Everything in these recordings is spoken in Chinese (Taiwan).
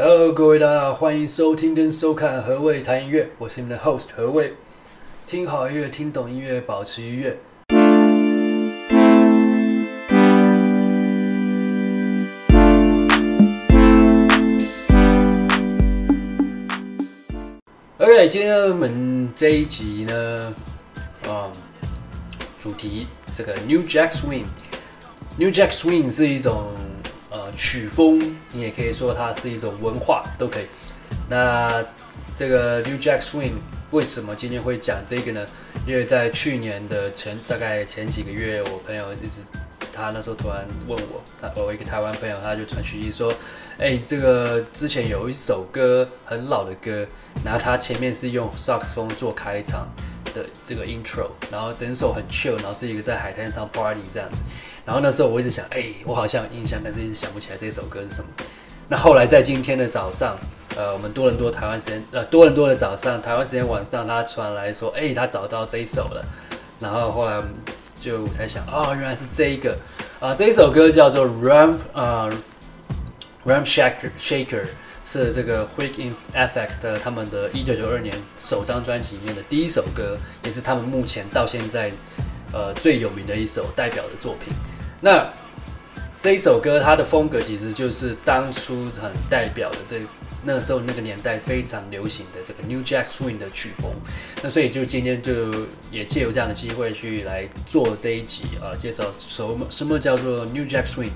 Hello，各位大家好，歡迎收聽跟收看何謂談音樂，我是你們的 host 何謂。聽好音樂，聽懂音樂，保持愉悅。OK，今天我們這一集呢，啊、嗯，主題這個 New Jack Swing，New Jack Swing 是一種曲風，你也可以說它是一種文化，都可以。那這個 New Jack Swing 為什麼今天會講這個呢？因為在去年的前，前大概前幾個月，我朋友一直他那時候突然問我，我、哦、一個台灣朋友，他就傳訊息說，哎，這個之前有一首歌很老的歌，然後他前面是用薩克斯風做開場。的這個 intro，然後整首很 chill，然後是一個在海灘上 party 這樣子。然後那時候我一直想，哎、欸，我好像有印象，但是一直想不起來這首歌是什麼。那後來在今天的早上，呃，我們多倫多台灣時間，呃，多倫多的早上，台灣時間晚上，他傳來說，哎、欸，他找到這一首了。然後後來就我才想，哦，原來是這一個啊，這一首歌叫做 Ramp 呃 Ramp Shaker Shaker。是這個 Quick in Effect 他們的一九九二年首張專輯裡面的第一首歌，也是他們目前到現在，呃、最有名的一首代表的作品。那這一首歌它的風格其實就是當初很代表的這那時候那個年代非常流行的這個 New Jack Swing 的曲風。那所以就今天就也借由這樣的機會去來做這一集啊、呃，介紹什麼什麼叫做 New Jack Swing。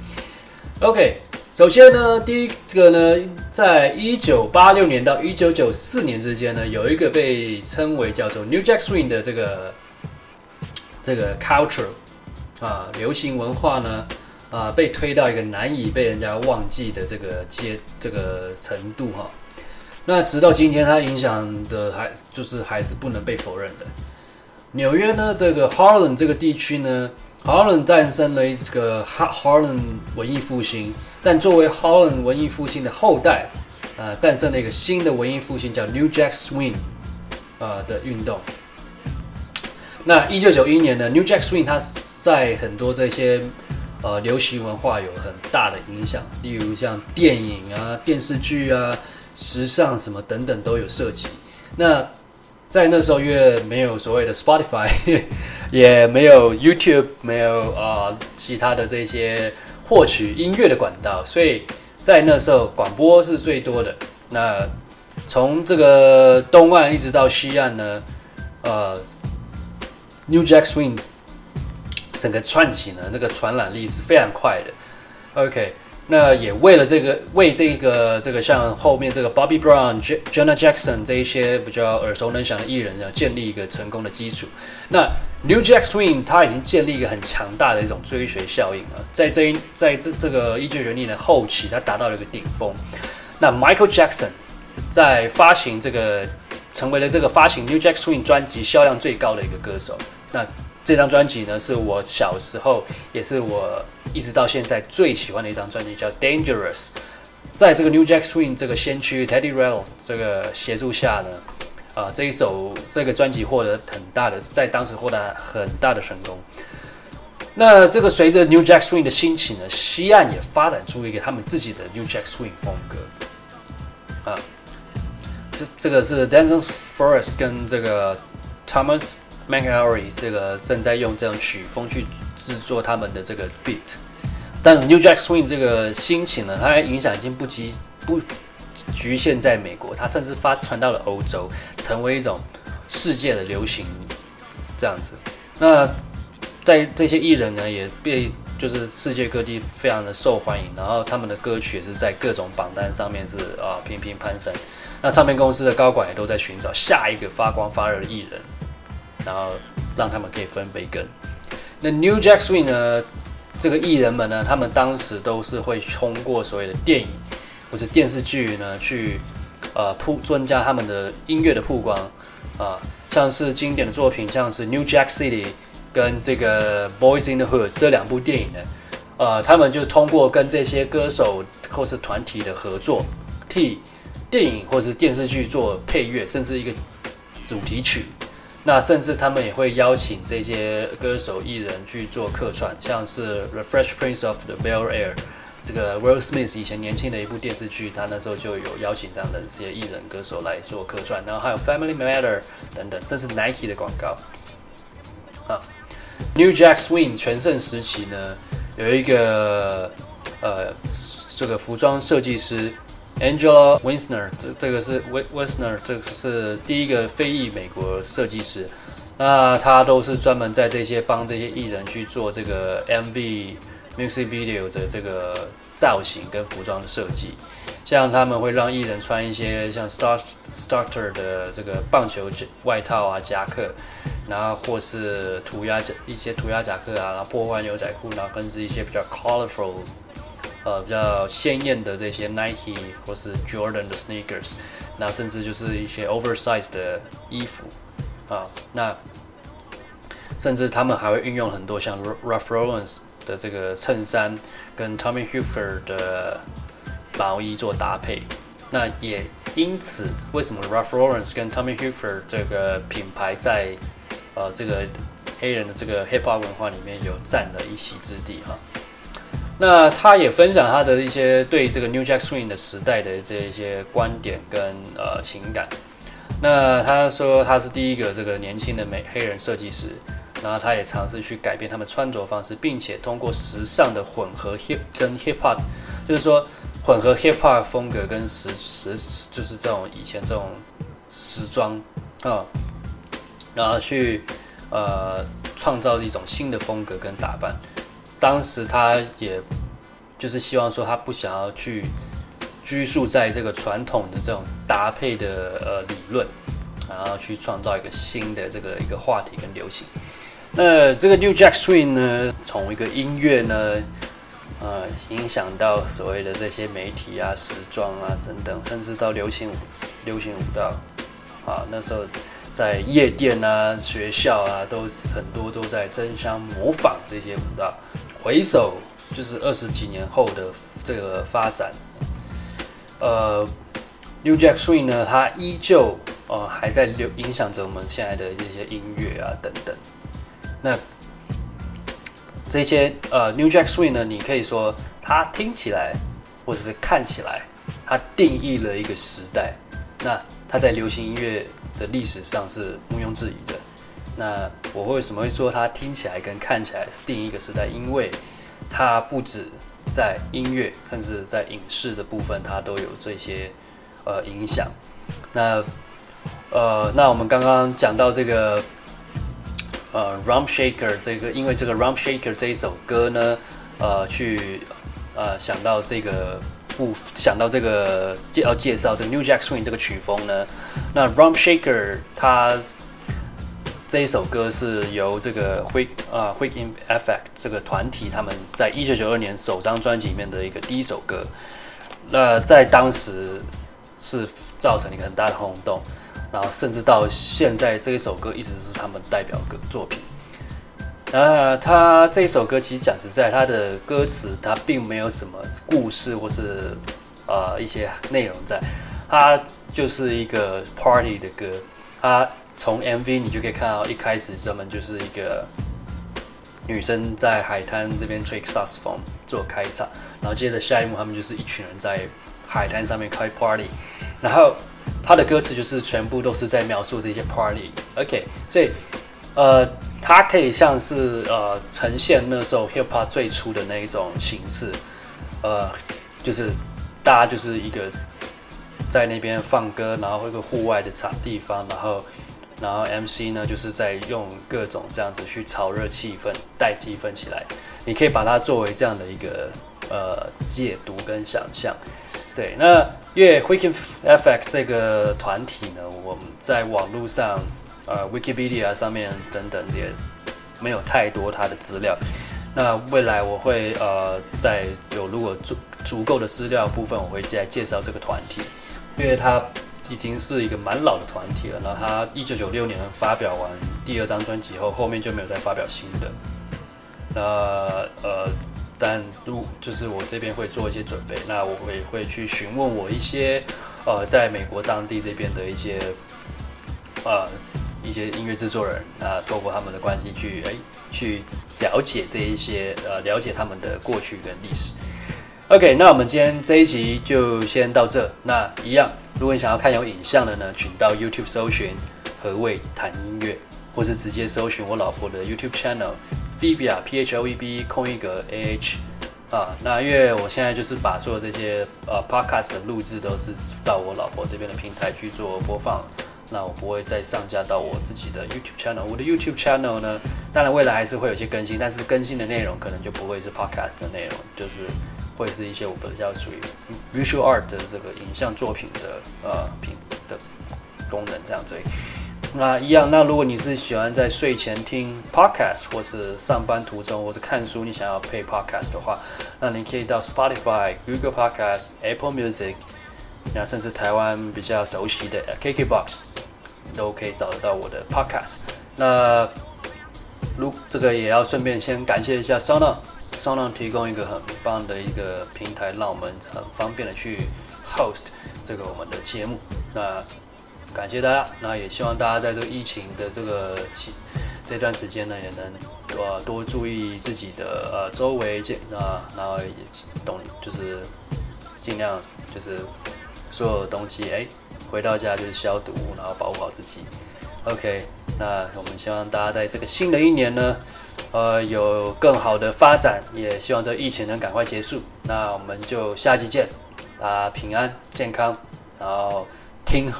OK。首先呢，第一個呢，在一九八六年到一九九四年之間呢，有一個被稱為叫做 New Jack Swing 的這個這個 culture 啊，流行文化呢，啊，被推到一個難以被人家忘記的這個階這個程度哈。那直到今天，它影響的還就是還是不能被否認的。紐約呢，這個 Harlem 這個地區呢。Harlem 誕生了一個哈 Harlem 文藝復興，但作為 Harlem 文藝復興的後代，呃，誕生了一個新的文藝復興叫 New Jack Swing，呃的運動。那一九九一年呢，New Jack Swing 它在很多這些呃流行文化有很大的影響，例如像電影啊、電視劇啊、時尚什麼等等都有涉及。那在那時候，因為沒有所謂的 Spotify，也沒有 YouTube，沒有啊、呃、其他的這些獲取音樂的管道，所以在那時候，廣播是最多的。那從這個東岸一直到西岸呢，呃，New Jack Swing 整個串起呢，那個傳染力是非常快的。OK。那也為了這個，為這個這個像後面這個 Bobby Brown、Janet Jackson 這一些比較耳熟能詳的藝人啊，建立一個成功的基礎。那 New Jack Swing 他已經建立一個很強大的一種追隨效應了，在這一在這這個一九九零年的後期，他達到了一個頂峰。那 Michael Jackson 在發行這個成為了這個發行 New Jack Swing 專輯銷量最高的一個歌手。那這張專輯呢，是我小時候，也是我一直到現在最喜歡的一張專輯，叫《Dangerous》。在這個 New Jack Swing 這個先驅 Teddy Riley 這個協助下呢，啊，這一首這個專輯獲得很大的，在當時獲得很大的成功。那這個隨着 New Jack Swing 的興起呢，西岸也發展出一個他們自己的 New Jack Swing 風格。啊，這這個是 Danson Forest 跟這個 Thomas。m a c l a r y 這個正在用這種曲風去制作他們的這個 beat，但是 New Jack Swing 這個心情呢，它影響已經不局不局限在美國，它甚至發傳到了歐洲，成為一種世界的流行這樣子。那在這些藝人呢，也被就是世界各地非常的受歡迎，然後他們的歌曲也是在各種榜單上面是啊頻頻攀升。那唱片公司的高管也都在尋找下一個發光發熱的藝人。然後讓他們可以分杯羹。那 New Jack Swing 呢？這個藝人們呢，他們當時都是會通過所謂的電影或是電視劇呢，去呃鋪增加他們的音樂的曝光。啊、呃，像是經典的作品，像是 New Jack City 跟這個 Boys in the Hood 這兩部電影呢，呃，他們就通過跟這些歌手或是團體的合作，替電影或是電視劇做配樂，甚至一個主題曲。那甚至他們也會邀請這些歌手藝人去做客串，像是《The Fresh Prince of the Bel Air》這個 Will Smith 以前年輕的一部電視劇，他那時候就有邀請這樣的一些藝人歌手來做客串，然後還有《Family Matter》等等，甚至 Nike 的廣告。啊，New Jack Swing 全盛時期呢，有一個呃，這個服裝設計師。Angela Winsner，這這個是 Winsner，這個是第一個非裔美國設計師。那他都是專門在這些幫這些藝人去做這個 MV music video 的這個造型跟服裝的設計。像他們會讓藝人穿一些像 Star Starter 的這個棒球外套啊、夾克，然後或是塗鴉一些塗鴉夾克啊，然後破壞牛仔褲，然後更是一些比較 colorful，比較鮮豔的這些 Nike 或是 Jordan 的 Sneakers，那甚至就是一些 oversize 的衣服啊。那甚至他們還會運用很多像 Ralph Lauren 的這個襯衫跟 Tommy Hilfiger 的毛衣做搭配。那也因此，為什麼 Ralph Lauren 跟 Tommy Hilfiger 這個品牌在、呃、這個黑人的這個 hip-hop 文化裡面有占了一席之地啊。那他也分享他的一些對這個 New Jack Swing 的時代的這一些觀點跟呃情感。那他說他是第一個這個年輕的美黑人設計師。然後他也嘗試去改變他們穿着方式，並且通過時尚的混合 hip 跟 hip hop，就是說混合 hip hop 風格跟時時就是這種以前這種時裝啊、嗯，然後去呃創造一種新的風格跟打扮。當時他也就是希望說，他不想要去拘束在這個傳統的這種搭配的呃理論，然後去創造一個新的這個一個話題跟流行。那這個 New Jack Swing 呢，從一個音樂呢，呃，影響到所謂的這些媒體啊、時裝啊等等，甚至到流行舞、流行舞蹈。啊，那時候在夜店啊、學校啊，都很多都在爭相模仿這些舞蹈。回首就是二十幾年後的這個發展，呃，New Jack Swing 呢，它依舊呃還在流影響着我們現在的這些音樂啊等等。那這些呃 New Jack Swing 呢，你可以說它聽起來或者是看起來，它定義了一個時代。那它在流行音樂的歷史上是毋庸置疑的。那我為什麼會說它聽起來跟看起來是定義一個時代？因為它不止在音樂，甚至在影視的部分，它都有這些呃影響。那呃，那我們剛剛講到這個呃，Rump Shaker 這個，因為這個 Rump Shaker 這一首歌呢，呃，去呃想到這個部，想到這個到、這個、介要、呃、介紹這個 New Jack Swing 這個曲風呢，那 Rump Shaker 它。這一首歌是由這個 Wreckx 啊 Wreckx-n-Effect 這個團體，他們在一九九二年首張專輯裡面的一個第一首歌。那在當時是造成了一個很大的轟動，然後甚至到現在，這一首歌一直是他們代表的作品。那他這首歌其實講實在，他的歌詞他並沒有什麼故事或是、uh, 一些內容在，他就是一個 party 的歌。他從 MV 你就可以看到，一開始他們就是一個女生在海灘這邊吹薩克斯風做開場，然後接着下一幕他們就是一群人在海灘上面開 party，然後他的歌詞就是全部都是在描述這些 party。OK，所以呃，它可以像是呃呈現那時候 hip hop 最初的那一種形式，呃，就是大家就是一個在那邊放歌，然後一個戶外的場地方，然後。然後 MC 呢，就是在用各種這樣子去炒熱氣氛，帶氣氛起來。你可以把它作為這樣的一個呃解讀跟想象。對，那因為 WikiFX 這個團體呢，我們在網絡上呃，Wikipedia 上面等等也沒有太多它的資料。那未來我會呃，在有如果足足夠的資料的部分，我會再介紹這個團體，因為它。已經是一個蠻老的團體了。那他一九九六年發表完第二張專輯後，後面就沒有再發表新的。那呃，但如就是我這邊會做一些準備。那我會會去詢問我一些呃，在美國當地這邊的一些呃一些音樂製作人。那透過他們的關係去哎去了解這一些呃了解他們的過去跟歷史。OK，那我們今天這一集就先到這。那一樣。如果你想要看有影像的呢，請到 YouTube 搜尋何謂談音樂，或是直接搜尋我老婆的 YouTube channel Vivia P H O E B 空一格 A H 啊。那因為我現在就是把所有這些呃 Podcast 的錄製都是到我老婆這邊的平台去做播放，那我不會再上架到我自己的 YouTube channel。我的 YouTube channel 呢，當然未來還是會有些更新，但是更新的內容可能就不會是 Podcast 的內容，就是。會是一些我比較屬於 Visual Art 的這個影像作品的呃品的功能這樣子。那一樣，那如果你是喜歡在睡前聽 Podcast 或是上班途中或是看書，你想要配 Podcast 的話，那你可以到 Spotify、Google Podcast、Apple Music，那，啊，甚至台灣比較熟悉的 KKBOX 都可以找得到我的 Podcast。那如這個也要順便先感謝一下 Sona SoundOn 提供一個很棒的一個平台，讓我們很方便的去 host 這個我們的節目。那感謝大家，那也希望大家在這個疫情的這個期這段時間呢，也能多，多注意自己的呃周圍這啊，然後也懂就是盡量就是所有的東西哎、欸、回到家就是消毒，然後保護好自己。OK，那我們希望大家在這個新的一年呢，呃，有更好的發展，也希望這個疫情能趕快結束。那我們就下期見，大家，呃，平安健康，然後聽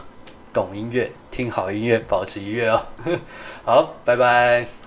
懂音樂，聽好音樂，保持愉悅哦。 好，拜拜。